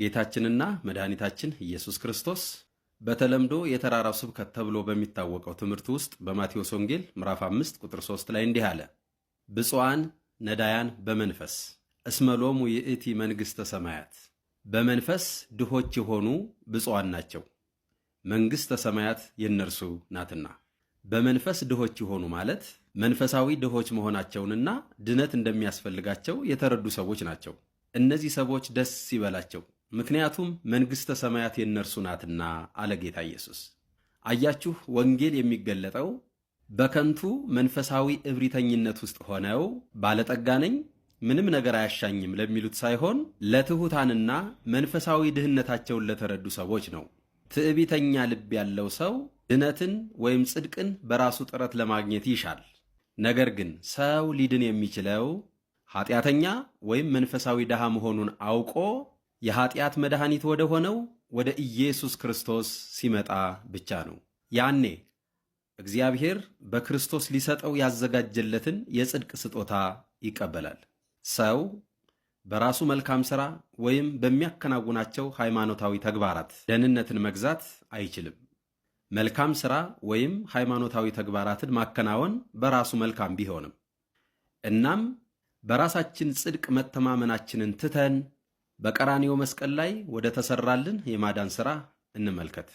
ጌታችንና መድኃኒታችን ኢየሱስ ክርስቶስ በተለምዶ የተራራው ስብከት ተብሎ በሚታወቀው ትምህርት ውስጥ በማቴዎስ ወንጌል ምዕራፍ 5 ቁጥር 3 ላይ እንዲህ አለ፣ ብፁዓን ነዳያን በመንፈስ እስመሎሙ ይእቲ መንግሥተ ሰማያት። በመንፈስ ድሆች የሆኑ ብፁዓን ናቸው፣ መንግሥተ ሰማያት የእነርሱ ናትና። በመንፈስ ድሆች የሆኑ ማለት መንፈሳዊ ድሆች መሆናቸውንና ድነት እንደሚያስፈልጋቸው የተረዱ ሰዎች ናቸው። እነዚህ ሰዎች ደስ ይበላቸው ምክንያቱም መንግሥተ ሰማያት የእነርሱ ናትና አለ ጌታ ኢየሱስ። አያችሁ፣ ወንጌል የሚገለጠው በከንቱ መንፈሳዊ እብሪተኝነት ውስጥ ሆነው ባለጠጋ ነኝ ምንም ነገር አያሻኝም ለሚሉት ሳይሆን ለትሑታንና መንፈሳዊ ድህነታቸውን ለተረዱ ሰዎች ነው። ትዕቢተኛ ልብ ያለው ሰው ድነትን ወይም ጽድቅን በራሱ ጥረት ለማግኘት ይሻል። ነገር ግን ሰው ሊድን የሚችለው ኃጢአተኛ ወይም መንፈሳዊ ድሃ መሆኑን አውቆ የኃጢአት መድኃኒት ወደ ሆነው ወደ ኢየሱስ ክርስቶስ ሲመጣ ብቻ ነው። ያኔ እግዚአብሔር በክርስቶስ ሊሰጠው ያዘጋጀለትን የጽድቅ ስጦታ ይቀበላል። ሰው በራሱ መልካም ሥራ ወይም በሚያከናውናቸው ሃይማኖታዊ ተግባራት ደህንነትን መግዛት አይችልም። መልካም ሥራ ወይም ሃይማኖታዊ ተግባራትን ማከናወን በራሱ መልካም ቢሆንም እናም በራሳችን ጽድቅ መተማመናችንን ትተን በቀራኒዮ መስቀል ላይ ወደ ተሰራልን የማዳን ሥራ እንመልከት።